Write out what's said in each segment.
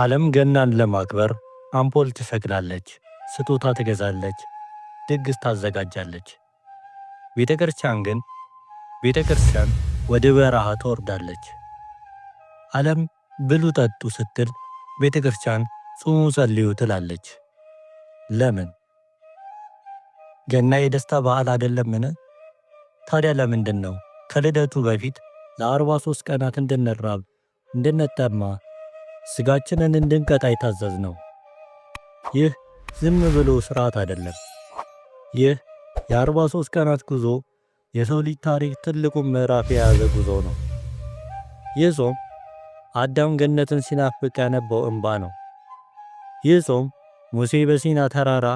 ዓለም ገናን ለማክበር አምፖል ትሰቅላለች፣ ስጦታ ትገዛለች፣ ድግስ ታዘጋጃለች። ቤተ ክርስቲያን ግን ቤተ ክርስቲያን ወደ በረሃ ትወርዳለች። ዓለም ብሉ ጠጡ ስትል ቤተ ክርስቲያን ጹሙ ጸልዩ ትላለች። ለምን? ገና የደስታ በዓል አይደለምን? ታዲያ ለምንድን ነው ከልደቱ በፊት ለአርባ ሦስት ቀናት እንድንራብ እንድንጠማ ስጋችንን እንድንቀጣ የታዘዝ ነው። ይህ ዝም ብሎ ስርዓት አይደለም። ይህ የ43 ቀናት ጉዞ የሰው ልጅ ታሪክ ትልቁን ምዕራፍ የያዘ ጉዞ ነው። ይህ ጾም አዳም ገነትን ሲናፍቅ ያነባው እንባ ነው። ይህ ጾም ሙሴ በሲና ተራራ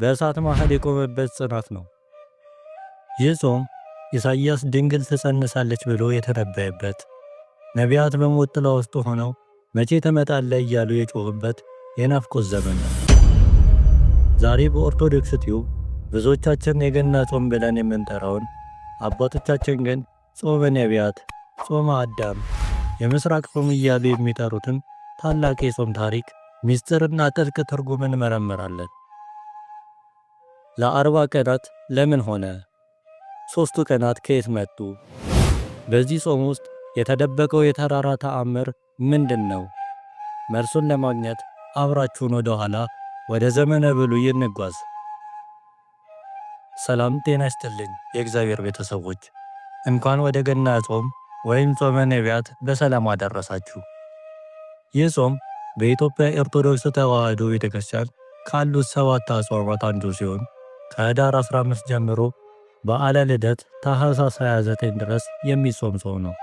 በእሳት መሃል የቆመበት ጽናት ነው። ይህ ጾም ኢሳይያስ ድንግል ትጸንሳለች ብሎ የተነበየበት፣ ነቢያት በሞት ጥላ ውስጥ ሆነው መቼ ትመጣለህ እያሉ የጮህበት የናፍቆት ዘመን ነው። ዛሬ በኦርቶዶክስ ቲዩብ ብዙዎቻችን የገና ጾም ብለን የምንጠራውን አባቶቻችን ግን ጾመ ነቢያት፣ ጾመ አዳም፣ የምስራቅ ጾም እያሉ የሚጠሩትን ታላቅ የጾም ታሪክ ምስጢርና ጥልቅ ትርጉም እንመረምራለን። ለአርባ ቀናት ለምን ሆነ? ሦስቱ ቀናት ከየት መጡ? በዚህ ጾም ውስጥ የተደበቀው የተራራ ተአምር ምንድን ነው? መልሱን ለማግኘት አብራችሁን ወደ ኋላ ወደ ዘመነ ብሉይ እንጓዝ። ሰላም ጤና ይስጥልኝ የእግዚአብሔር ቤተሰቦች፣ እንኳን ወደ ገና ጾም ወይም ጾመ ነቢያት በሰላም አደረሳችሁ። ይህ ጾም በኢትዮጵያ ኦርቶዶክስ ተዋሕዶ ቤተክርስቲያን ካሉት ሰባት አጽዋማት አንዱ ሲሆን ከህዳር 15 ጀምሮ በዓለ ልደት ታኅሳስ 29 ድረስ የሚጾም ጾም ነው።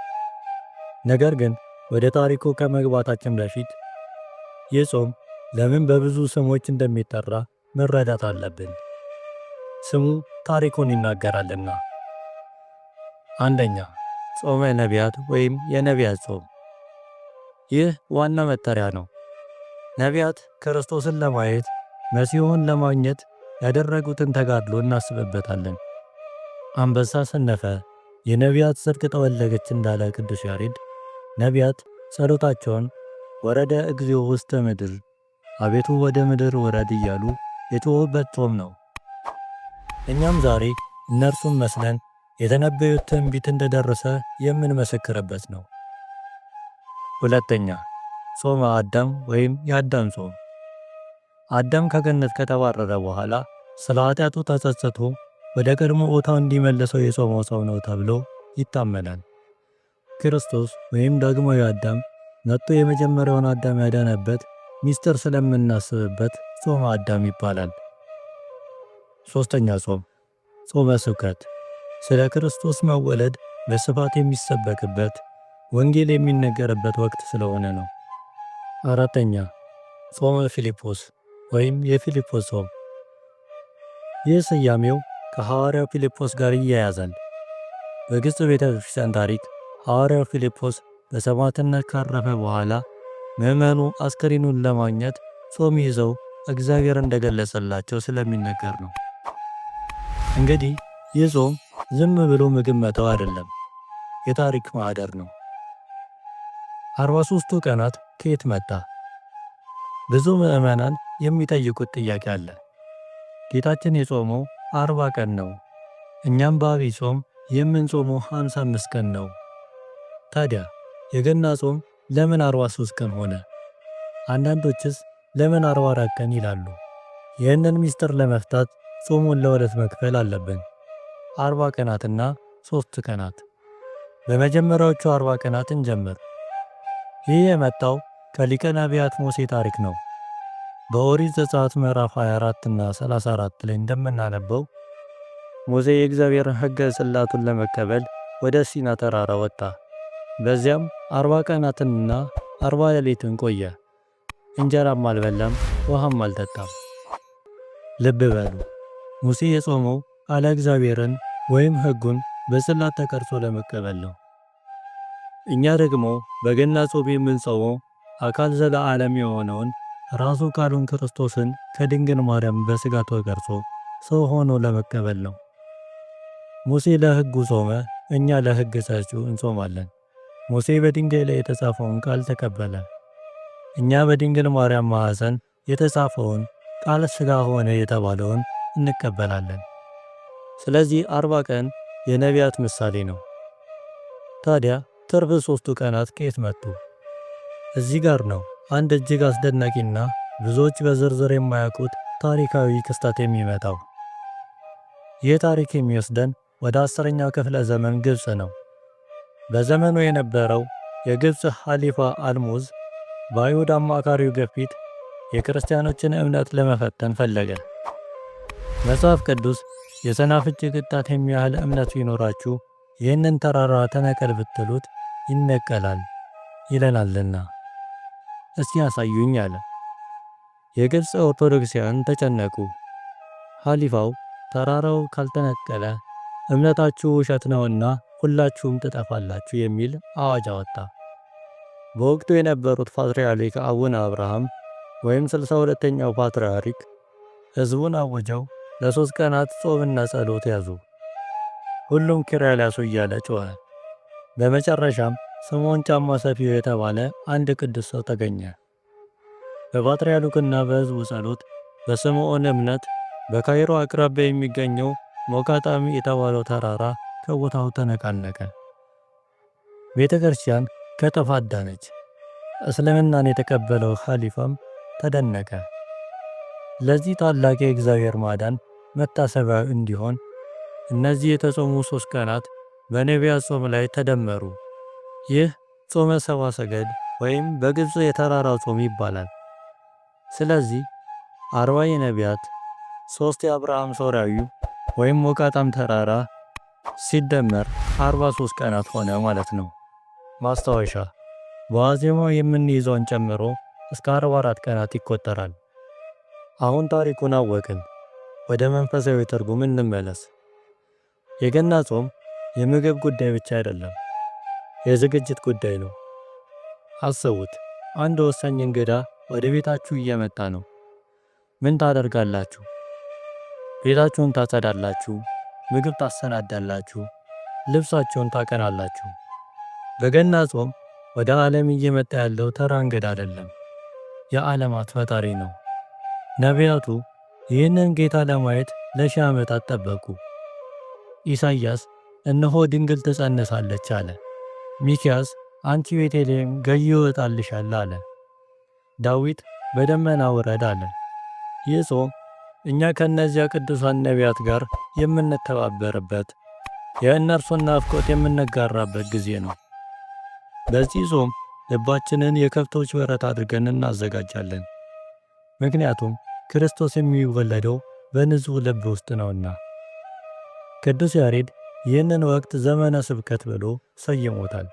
ነገር ግን ወደ ታሪኩ ከመግባታችን በፊት ይህ ጾም ለምን በብዙ ስሞች እንደሚጠራ መረዳት አለብን። ስሙ ታሪኩን ይናገራልና። አንደኛ ጾመ ነቢያት ወይም የነቢያት ጾም። ይህ ዋና መጠሪያ ነው። ነቢያት ክርስቶስን ለማየት መሲሆን ለማግኘት ያደረጉትን ተጋድሎ እናስብበታለን። አንበሳ ሰነፈ፣ የነቢያት ጽድቅ ተወለገች እንዳለ ቅዱስ ያሬድ ነቢያት ጸሎታቸውን ወረደ እግዚኦ ውስተ ምድር፣ አቤቱ ወደ ምድር ወረድ እያሉ የጮኹበት ጾም ነው። እኛም ዛሬ እነርሱን መስለን የተነበዩት ትንቢት እንደደረሰ የምንመሰክርበት ነው። ሁለተኛ ጾመ አዳም ወይም የአዳም ጾም። አዳም ከገነት ከተባረረ በኋላ ስለ ኃጢአቱ ተጸጽቶ ወደ ቀድሞ ቦታው እንዲመለሰው የጾመው ሰው ነው ተብሎ ይታመናል። ክርስቶስ ወይም ደግሞ አዳም መጥቶ የመጀመሪያውን አዳም ያዳነበት ሚስጥር ስለምናስብበት ጾመ አዳም ይባላል። ሶስተኛ ጾም፣ ጾመ ስብከት ስለ ክርስቶስ መወለድ በስፋት የሚሰበክበት ወንጌል የሚነገርበት ወቅት ስለሆነ ነው። አራተኛ ጾመ ፊልጶስ ወይም የፊልጶስ ጾም። ይህ ስያሜው ከሐዋርያው ፊልጶስ ጋር ይያያዛል። በግብፅ ቤተ ክርስቲያን ታሪክ ሐዋርያው ፊልጶስ በሰማዕትነት ካረፈ በኋላ ምዕመኑ አስከሬኑን ለማግኘት ጾም ይዘው እግዚአብሔር እንደገለጸላቸው ስለሚነገር ነው። እንግዲህ ይህ ጾም ዝም ብሎ ምግብ መተው አይደለም፣ የታሪክ ማዕደር ነው አርባ ሦስቱ ቀናት ከየት መጣ? ብዙ ምዕመናን የሚጠይቁት ጥያቄ አለ። ጌታችን የጾመው አርባ ቀን ነው። እኛም በአብይ ጾም የምንጾመው 55 ቀን ነው። ታዲያ የገና ጾም ለምን 43 ቀን ሆነ? አንዳንዶችስ ለምን 44 ቀን ይላሉ። ይህንን ምስጢር ለመፍታት ጾሙን ለሁለት መክፈል አለብን፣ 40 ቀናትና ሶስት ቀናት። በመጀመሪያዎቹ 40 ቀናት እንጀምር። ይህ የመጣው ከሊቀ ነቢያት ሙሴ ታሪክ ነው። በኦሪት ዘጸአት ምዕራፍ 24 እና 34 ላይ እንደምናነበው ሙሴ የእግዚአብሔርን ሕገ ጽላቱን ለመቀበል ወደ ሲና ተራራ ወጣ። በዚያም አርባ ቀናትንና አርባ ሌሊትን ቆየ። እንጀራም አልበላም፣ ውሃም አልጠጣም። ልብ በሉ ሙሴ የጾመው ቃለ እግዚአብሔርን ወይም ሕጉን በጽላት ተቀርጾ ለመቀበል ነው። እኛ ደግሞ በገና ጾም የምንጾመው አካል ዘለዓለም የሆነውን ራሱ ቃሉን ክርስቶስን ከድንግል ማርያም በሥጋ ተቀርጾ ሰው ሆኖ ለመቀበል ነው። ሙሴ ለሕጉ ጾመ፣ እኛ ለሕግ ሰጪው እንጾማለን። ሙሴ በድንጋይ ላይ የተጻፈውን ቃል ተቀበለ። እኛ በድንግል ማርያም ማኅፀን የተጻፈውን ቃል ሥጋ ሆነ የተባለውን እንቀበላለን። ስለዚህ አርባ ቀን የነቢያት ምሳሌ ነው። ታዲያ ትርፍ ሦስቱ ቀናት ከየት መጡ? እዚህ ጋር ነው አንድ እጅግ አስደናቂና ብዙዎች በዝርዝር የማያውቁት ታሪካዊ ክስተት የሚመጣው። ይህ ታሪክ የሚወስደን ወደ አስረኛው ክፍለ ዘመን ግብፅ ነው። በዘመኑ የነበረው የግብፅ ኻሊፋ አልሙዝ በአይሁድ አማካሪው ግፊት የክርስቲያኖችን እምነት ለመፈተን ፈለገ። መጽሐፍ ቅዱስ የሰናፍጭ ቅጣት የሚያህል እምነት ቢኖራችሁ ይህንን ተራራ ተነቀል ብትሉት ይነቀላል ይለናልና እስቲ ያሳዩኝ አለ። የግብፅ ኦርቶዶክሲያን ተጨነቁ። ኻሊፋው ተራራው ካልተነቀለ እምነታችሁ ውሸት ነውና ሁላችሁም ትጠፋላችሁ የሚል አዋጅ አወጣ። በወቅቱ የነበሩት ፓትርያርክ አቡነ አብርሃም ወይም 62 ሁለተኛው ፓትርያርክ ሕዝቡን አውጀው ለሦስት ቀናት ጾምና ጸሎት ያዙ። ሁሉም ኪርያላይሶን እያለ ጮኸ። በመጨረሻም ስምዖን ጫማ ሰፊው የተባለ አንድ ቅዱስ ሰው ተገኘ። በፓትርያርኩና በሕዝቡ ጸሎት በስምዖን እምነት በካይሮ አቅራቢያ የሚገኘው ሞቃጣሚ የተባለው ተራራ ከቦታው ተነቃነቀ። ቤተ ክርስቲያን ከጠፋ አዳነች። እስልምናን የተቀበለው ኻሊፋም ተደነቀ። ለዚህ ታላቅ የእግዚአብሔር ማዳን መታሰቢያ እንዲሆን እነዚህ የተጾሙ ሦስት ቀናት በነቢያት ጾም ላይ ተደመሩ። ይህ ጾመ ሰባ ሰገድ ወይም በግብፅ የተራራ ጾም ይባላል። ስለዚህ አርባ የነቢያት ሦስት የአብርሃም ሶርያዊ ወይም ሞቃጣም ተራራ ሲደመር 43 ቀናት ሆነ ማለት ነው። ማስታወሻ በዋዜማው የምንይዘውን ጨምሮ እስከ 44 ቀናት ይቆጠራል። አሁን ታሪኩን አወቅን። ወደ መንፈሳዊ ትርጉም እንመለስ። የገና ጾም የምግብ ጉዳይ ብቻ አይደለም፣ የዝግጅት ጉዳይ ነው። አስቡት፣ አንድ ወሳኝ እንግዳ ወደ ቤታችሁ እየመጣ ነው። ምን ታደርጋላችሁ? ቤታችሁን ታጸዳላችሁ ምግብ ታሰናዳላችሁ፣ ልብሳቸውን ታቀናላችሁ። በገና ጾም ወደ ዓለም እየመጣ ያለው ተራ እንግዳ አይደለም፣ የዓለማት ፈጣሪ ነው። ነቢያቱ ይህንን ጌታ ለማየት ለሺህ ዓመታት ጠበቁ። ኢሳይያስ እነሆ ድንግል ትጸንሳለች አለ። ሚኪያስ አንቺ ቤተልሔም ገዢ ይወጣልሻል አለ። ዳዊት በደመና ውረድ አለ። ይህ ጾም እኛ ከእነዚያ ቅዱሳን ነቢያት ጋር የምንተባበርበት የእነርሱን ናፍቆት የምንጋራበት ጊዜ ነው። በዚህ ጾም ልባችንን የከብቶች በረት አድርገን እናዘጋጃለን። ምክንያቱም ክርስቶስ የሚወለደው በንጹሕ ልብ ውስጥ ነውና። ቅዱስ ያሬድ ይህንን ወቅት ዘመነ ስብከት ብሎ ሰይሞታል።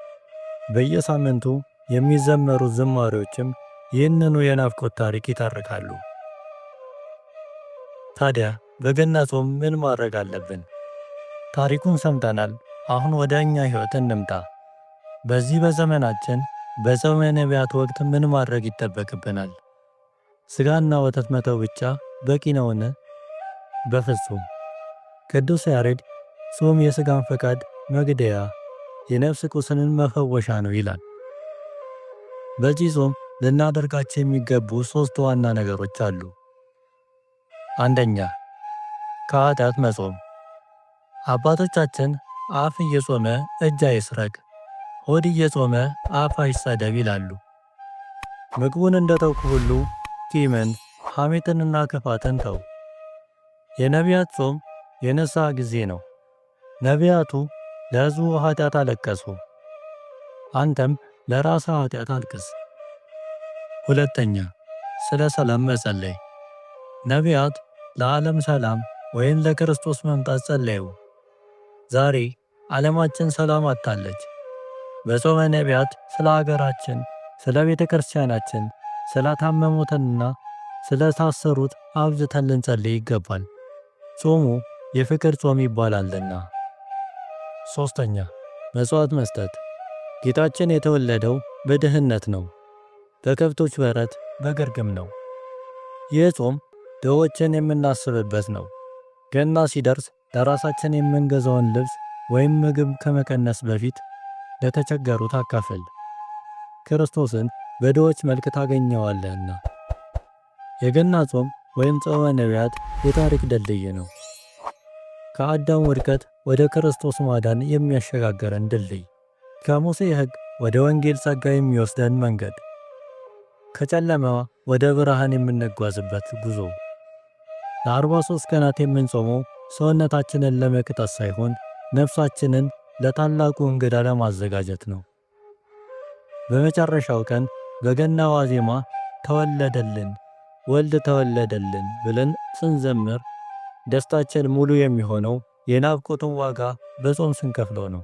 በየሳምንቱ የሚዘመሩ ዝማሬዎችም ይህንኑ የናፍቆት ታሪክ ይታርካሉ። ታዲያ በገና ጾም ምን ማድረግ አለብን? ታሪኩን ሰምተናል። አሁን ወደ እኛ ሕይወት እንምጣ። በዚህ በዘመናችን በዘመነ ነቢያት ወቅት ምን ማድረግ ይጠበቅብናል? ሥጋና ወተት መተው ብቻ በቂ ነውን? በፍጹም። ቅዱስ ያሬድ ጾም የሥጋን ፈቃድ መግደያ፣ የነፍስ ቁስንን መፈወሻ ነው ይላል። በዚህ ጾም ልናደርጋቸው የሚገቡ ሦስት ዋና ነገሮች አሉ። አንደኛ ከኃጢአት መጾም። አባቶቻችን አፍ እየጾመ እጅ አይስረቅ፣ ሆድ እየጾመ አፍ አይሳደብ ይላሉ። ምግቡን እንደ ተውክ ሁሉ ቂምን፣ ሐሜትንና ክፋትን ተው። የነቢያት ጾም የንስሐ ጊዜ ነው። ነቢያቱ ለሕዝቡ ኃጢአት አለቀሱ፣ አንተም ለራስህ ኃጢአት አልቅስ። ሁለተኛ ስለ ሰላም መጸለይ ነቢያት ለዓለም ሰላም ወይም ለክርስቶስ መምጣት ጸለዩ። ዛሬ ዓለማችን ሰላም አጥታለች። በጾመ ነቢያት ስለ አገራችን፣ ስለ ቤተ ክርስቲያናችን፣ ስለ ታመሙትንና ስለ ታሰሩት አብዝተን ልንጸልይ ይገባል። ጾሙ የፍቅር ጾም ይባላልና። ሦስተኛ መጽዋት መስጠት። ጌታችን የተወለደው በድህነት ነው፣ በከብቶች በረት በግርግም ነው። ይህ ጾም ድሆችን የምናስብበት ነው። ገና ሲደርስ ለራሳችን የምንገዛውን ልብስ ወይም ምግብ ከመቀነስ በፊት ለተቸገሩት አካፍል፣ ክርስቶስን በድሆች መልክ ታገኘዋለህና። የገና ጾም ወይም ጾመ ነቢያት የታሪክ ድልድይ ነው። ከአዳም ውድቀት ወደ ክርስቶስ ማዳን የሚያሸጋግረን ድልድይ፣ ከሙሴ ሕግ ወደ ወንጌል ጸጋ የሚወስደን መንገድ፣ ከጨለማ ወደ ብርሃን የምንጓዝበት ጉዞ ለአርባ 43 ቀናት የምንጾመው ሰውነታችንን ለመቅጠስ ሳይሆን ነፍሳችንን ለታላቁ እንግዳ ለማዘጋጀት ነው። በመጨረሻው ቀን በገና ዋዜማ ተወለደልን ወልድ ተወለደልን ብለን ስንዘምር ደስታችን ሙሉ የሚሆነው የናፍቆቱን ዋጋ በጾም ስንከፍለው ነው።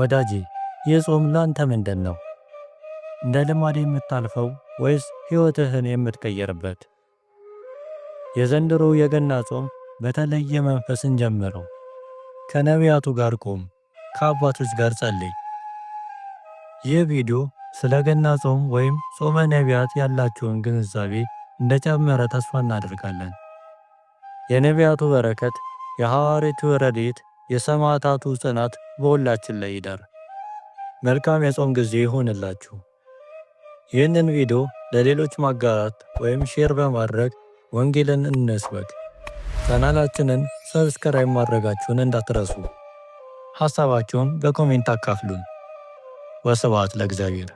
ወዳጄ ይህ ጾም ላንተ ምንድን ነው? እንደ ልማድ የምታልፈው ወይስ ሕይወትህን የምትቀየርበት? የዘንድሮው የገና ጾም በተለየ መንፈስን ጀምረው። ከነቢያቱ ጋር ቆም፣ ከአባቶች ጋር ጸልይ። ይህ ቪዲዮ ስለ ገና ጾም ወይም ጾመ ነቢያት ያላችሁን ግንዛቤ እንደጨመረ ተስፋ እናደርጋለን። የነቢያቱ በረከት፣ የሐዋርያቱ ረድኤት፣ የሰማዕታቱ ጽናት በሁላችን ላይ ይደር። መልካም የጾም ጊዜ ይሆንላችሁ። ይህንን ቪዲዮ ለሌሎች ማጋራት ወይም ሼር በማድረግ ወንጌልን እንስበክ። ቻናላችንን ሰብስክራይብ ማድረጋችሁን እንዳትረሱ። ሐሳባችሁን በኮሜንት አካፍሉን። ወስብሐት ለእግዚአብሔር።